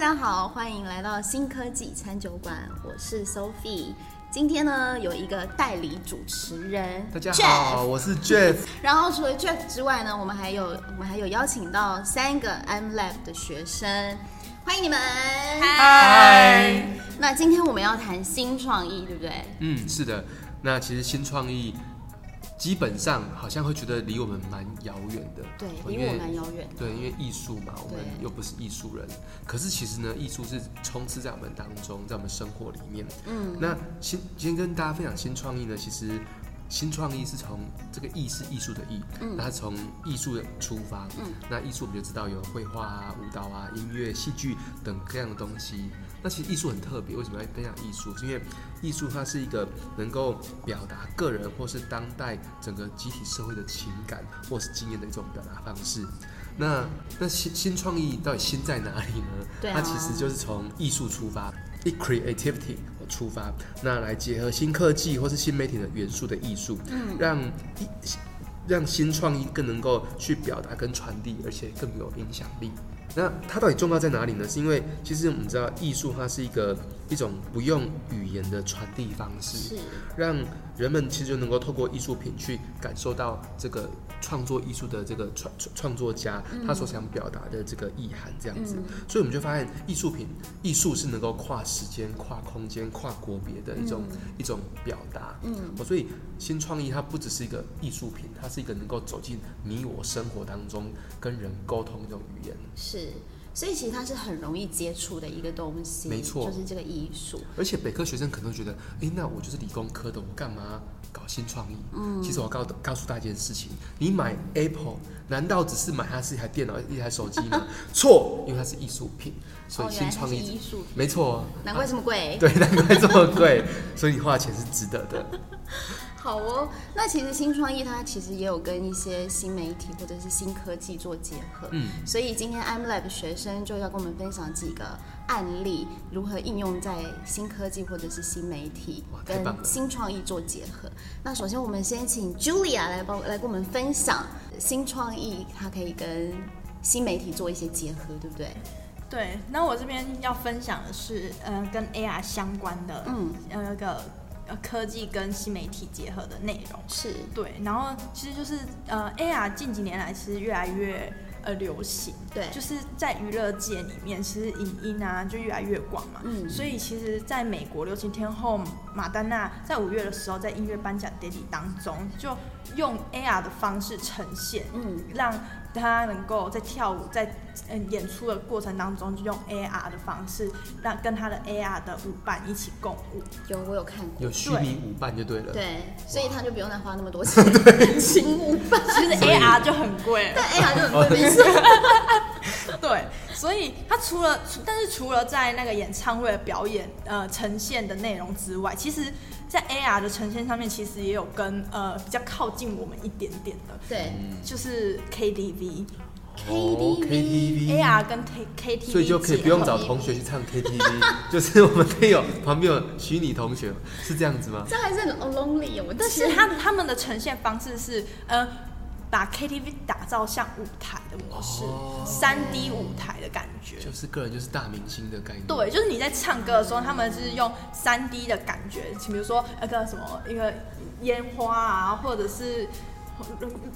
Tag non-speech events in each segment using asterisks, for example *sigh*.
大家好，歡迎來到新科技餐酒館，我是 Sophie。今天呢，有一個代理主持人，大家好，Jeff、我是 Jeff。然後除了 Jeff 之外呢，我們還有我們還有邀請到三個 ImLab 的學生，歡迎你們。嗨。那今天我們要談新創藝，對不對？嗯，是的。那其實新創藝。基本上好像會覺得離我們蠻遙遠的，對，因為離我們蠻遙遠的。對，因為藝術嘛，我們又不是藝術人。可是其實呢，藝術是充斥在我們當中，在我們生活裡面。嗯，那先今天跟大家分享新創藝呢。其實新創藝是從這個“藝”是藝術的“藝”，嗯、那從藝術的出發。嗯，那藝術我們就知道有繪畫啊、舞蹈啊、音樂、戲劇等各樣的東西。那其實藝術很特別，為什麼要分享藝術？是因為藝術它是一個能夠表達個人或是當代整個集體社會的情感或是經驗的一種表達方式。那那新新創藝到底新在哪裡呢？對啊、它其實就是從藝術出發，以 creativity 出發，那來結合新科技或是新媒體的元素的藝術、嗯，讓讓新創藝更能夠去表達跟傳遞，而且更有影響力。那它到底重要在哪裡呢？是因為其實我們知道，藝術它是一個一種不用語言的傳遞方式，讓人們其實就能夠透過藝術品去感受到這個創作藝術的這個創創作家、嗯，他所想表達的這個意涵這樣子。嗯、所以我們就發現，藝術品藝術是能夠跨時間、跨空間、跨國別的一種、嗯、一種表達。嗯，哦，所以新創藝它不只是一個藝術品，它是一個能夠走進你我生活當中跟人溝通的一種語言。是。所以其實它是很容易接觸的一個東西，沒錯，就是這個藝術。而且，北科學生可能都覺得，哎、欸，那我就是理工科的，我幹嘛搞新創藝？嗯，其實我告告訴大家一件事情：你買 Apple 難道只是買它是一台電腦、一台手機嗎？錯， *laughs* 因為它是藝術品，所以新創藝、哦，原來是是藝術品。沒錯，難怪這麼貴、欸啊，對，難怪這麼貴， *laughs* 所以你花錢是值得的。好哦，那其實新創藝它其實也有跟一些新媒體或者是新科技做結合，嗯，所以今天 ImLab 學生就要跟我們分享幾個案例，如何應用在新科技或者是新媒體跟新創藝做結合。那首先我們先請 Julia 來包來跟我們分享新創藝它可以跟新媒體做一些結合，對不對？對，那我這邊要分享的是嗯、呃，跟 AR 相關的，嗯呃要有一個。科技跟新媒體結合的內容是對，然後其實就是呃，AR 近幾年來其實越來越呃流行，對，就是在娛樂界裡面，其實影音啊就越來越廣嘛，嗯，所以其實在美國流行天後。馬丹娜在五月的時候，在音樂頒獎典禮當中，就用 AR 的方式呈現，嗯，讓她能夠在跳舞、在嗯演出的過程當中，就用 AR 的方式讓跟她的 AR 的舞伴一起共舞。有，我有看過，有虛擬舞伴就對了。對，所以她就不用再花那麼多錢，請舞伴， *laughs* 對 *laughs* 其實 AR 就很貴，但 AR 就很貴，沒錯。對，所以他除了，但是除了在那個演唱會的表演，呃，呈現的內容之外，其實在 A R 的呈現上面，其實也有跟呃比較靠近我們一點點的，對，就是 K T V，K T V A R 跟 K K T V，所以就可以不用找同學去唱 K T V， *laughs* 就是我們得有旁邊有虛擬同學，是這樣子嗎？這還是很 lonely 哦，但是他他們的呈現方式是，呃。把 KTV 打造像舞台的模式，三、哦、D 舞台的感覺，就是個人就是大明星的感覺。對，就是你在唱歌的時候，他們就是用三 D 的感覺，請比如說那個什麼一個煙花啊，或者是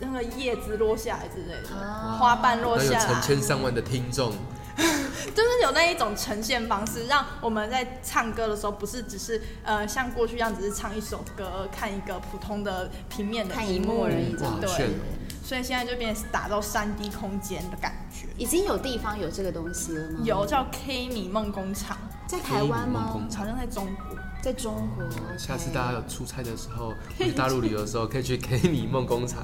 那個葉子落下來之類的，哦、花瓣落下來。有成千上萬的聽眾， *laughs* 就是有那一種呈現方式，讓我們在唱歌的時候，不是只是呃像過去一樣只是唱一首歌，看一個普通的平面的屏幕而已，對。所以現在就變成打造 3D 空間的感覺，已經有地方有這個東西了嗎？有，叫 K 米夢工廠。在台灣嗎？好像在中國，在中國、嗯 okay。下次大家有出差的時候，去大陸旅遊的時候，可以去 K 米夢工廠。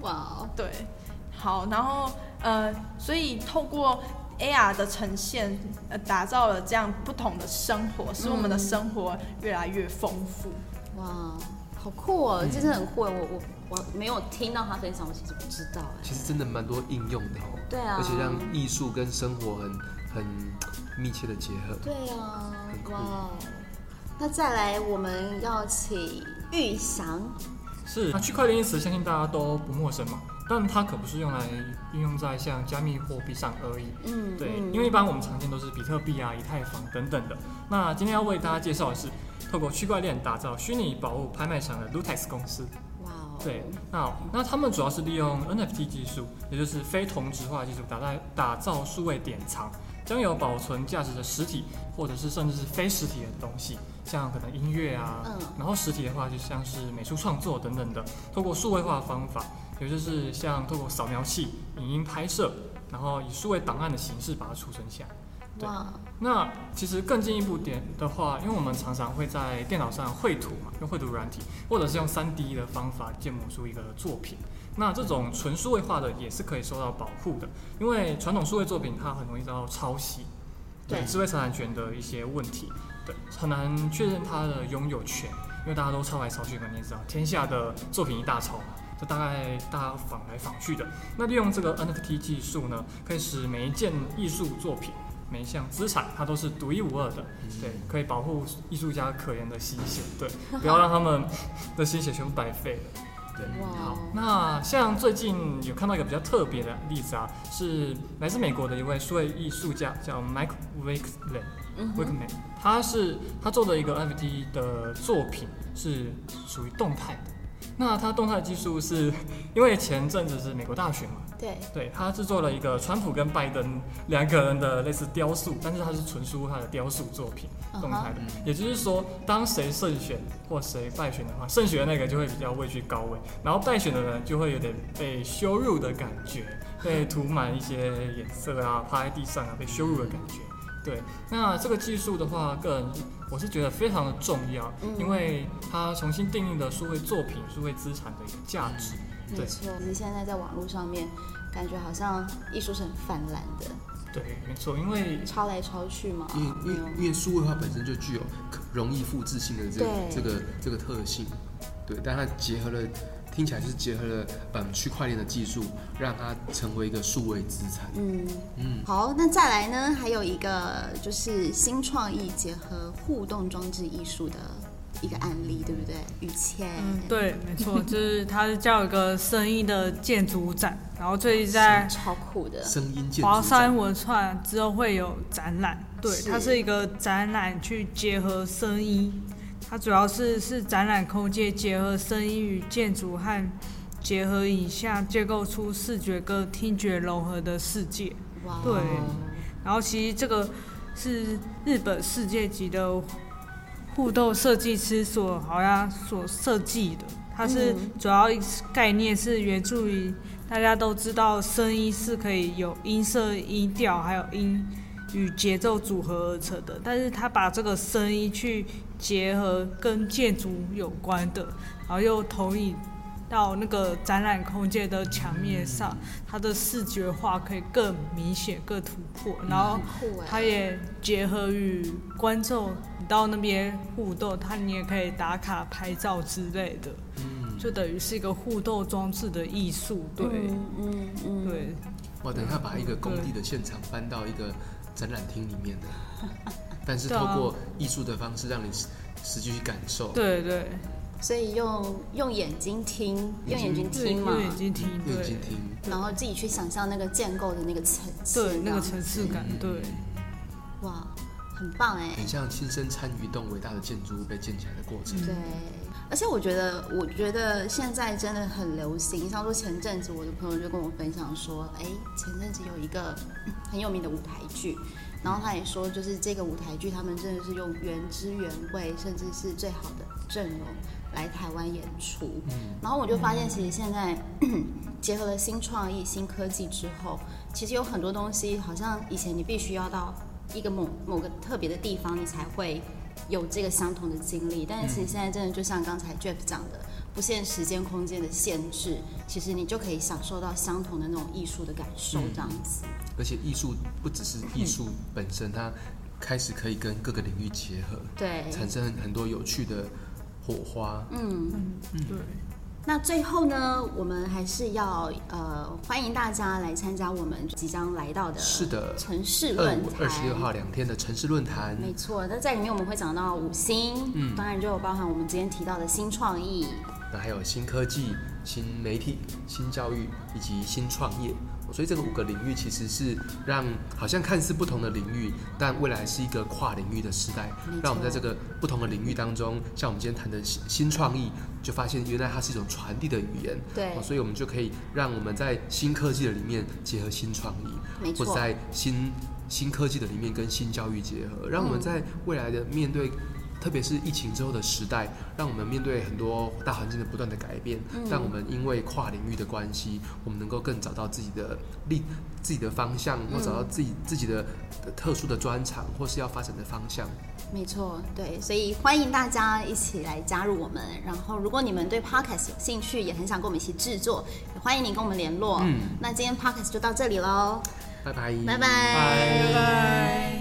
哇哦，對，好，然後呃，所以透過 AR 的呈現，呃，打造了這樣不同的生活，使、嗯、我們的生活越來越豐富。哇，好酷哦、喔！真的很酷、嗯，我我我沒有聽到他分享，我其實不知道。其實真的蠻多應用的哦、喔。對啊。而且讓藝術跟生活很很密切的結合。對啊。很酷哦。那再來，我們要請玉祥。是，那區塊鏈一詞相信大家都不陌生嘛。但它可不是用來運用在像加密貨幣上而已。嗯，對，因為一般我們常見都是比特幣啊、以太坊等等的。那今天要為大家介紹的是，透過區塊鏈打造虛擬寶物拍賣場的 Lootex 公司。哇、wow、哦，對，那那他們主要是利用 NFT 技術，也就是非同質化技術，打造打造數位典藏。將有保存價值的實體，或者是甚至是非實體的東西，像可能音樂啊，嗯、然後實體的話就像是美術創作等等的，透過數位化的方法，也就是像透過掃描器、影音拍攝，然後以數位檔案的形式把它儲存起來。哇！那其實更進一步點的話，因為我們常常會在電腦上繪圖嘛，用繪圖軟體，或者是用三 D 的方法建模出一個作品。那這種純數位化的也是可以受到保護的，因為傳統數位作品它很容易遭到抄襲。對，是智慧財產權的一些問題，對，很難確認它的擁有權，因為大家都抄來抄去，你也知道天下的作品一大抄，這大概大家仿來仿去的。那利用這個 N F T 技術呢，可以使每一件藝術作品，每一項資產，它都是獨一無二的，對，可以保護藝術家可憐的心血，對，不要讓他們的心血全部白費了，對。好，那像最近有看到一個比較特別的例子啊，是來自美國的一位數位藝術家叫 Mike w i c l m y n i l 他是他做的一個 NFT 的作品是屬於動態的。那他動態技術是，因為前陣子是美國大選嘛，對，對，他製作了一個川普跟拜登兩個人的類似雕塑，但是他是純屬他的雕塑作品動態的，也就是說，當誰勝選或誰敗選的話，勝選的那個就會比較位居高位，然後敗選的人就會有點被羞辱的感覺，被塗滿一些顏色啊，趴在地上啊，被羞辱的感覺。嗯對，那這個技術的話，個人我是覺得非常的重要，嗯、因為它重新定義了數位作品、數位資產的一個價值。嗯、對沒錯，其實現在在網絡上面，感覺好像藝術是很泛濫的。對，沒錯，因為抄來抄去嘛，因為因為數位的話本身就具有容易複製性的這個這個這個特性。對，但它結合了。聽起來是結合了嗯，區塊鏈的技術，讓它成為一個數位資產。嗯嗯，好，那再來呢？還有一個就是新創藝結合互動裝置藝術的一個案例，對不對？於倩、嗯。對，沒錯， *laughs* 就是它叫一個聲音的建築展，然後最近在超酷的。聲音建築。華山文創之後會有展覽，對，它是一個展覽去結合聲音。它主要是是展覽空間結合聲音與建築，和結合影像建構出視覺跟聽覺融合的世界。Wow. 對，然後其實這個是日本世界級的互動設計師所好像所設計的。它是主要概念是源自於大家都知道聲音是可以有音色、音調，還有音。與節奏組合而成的，但是他把這個聲音去結合跟建築有關的，然後又投影到那個展覽空間的牆面上，它、嗯、的視覺化可以更明顯、嗯、更突破。嗯、然後它也結合與觀眾、嗯、到那邊互動，它你也可以打卡、拍照之類的。嗯，就等於是一個互動裝置的藝術。對，嗯，嗯，嗯對。哇，等下把一個工地的現場搬到一個展覽廳裡面的，但是透過藝術的方式讓你實際去感受對、啊。對對，所以用用眼睛聽，用眼睛聽嘛，聽嗯、用眼睛聽，眼睛聽，然後自己去想象那個建構的那個層次，對，那個層次感，對，嗯、哇，很棒哎！很像親身參與一棟偉大的建築物被建起來的過程，嗯、對。而且我覺得，我覺得現在真的很流行。像說前陣子，我的朋友就跟我分享說，哎，前陣子有一個很有名的舞台劇，然後他也說，就是這個舞台劇他們真的是用原汁原味，甚至是最好的陣容來台灣演出。然後我就發現，其實現在結合了新創藝、新科技之後，其實有很多東西，好像以前你必須要到一個某某個特別的地方，你才會。有這個相同的經歷，但是你現在真的就像剛才 Jeff 講的，嗯，不限時間空間的限制，其實你就可以享受到相同的那種藝術的感受，這樣子。嗯，而且藝術不只是藝術本身，嗯，本身它開始可以跟各個領域結合，對，產生很多有趣的火花。嗯嗯，對。那最後呢，我們還是要呃歡迎大家來參加我們即將來到的城市論壇，是的，二十六號兩天的城市論壇，沒錯。那在裡面我們會講到五新，嗯，當然就有包含我們今天提到的新創藝，那還有新科技、新媒體、新教育以及新創業。所以這個五個領域其實是讓好像看似不同的領域，但未來是一個跨領域的時代。讓我們在這個不同的領域當中，像我們今天談的新新創藝，就發現原來它是一種傳遞的語言。對，所以我們就可以讓我們在新科技的裡面結合新創藝，或者在新新科技的裡面跟新教育結合，讓我們在未來的面對。特別是疫情之後的時代，讓我們面對很多大環境的不斷的改變。嗯。讓我們因為跨領域的關係，我們能夠更找到自己的力、自己的方向，或找到自己自己的特殊的專長，或是要發展的方向。沒錯，對，所以歡迎大家一起來加入我們。然後，如果你們對 Podcast 有興趣，也很想跟我們一起製作，也歡迎你跟我們聯絡。嗯。那今天 Podcast 就到這裡嘍。拜拜。拜拜。拜拜。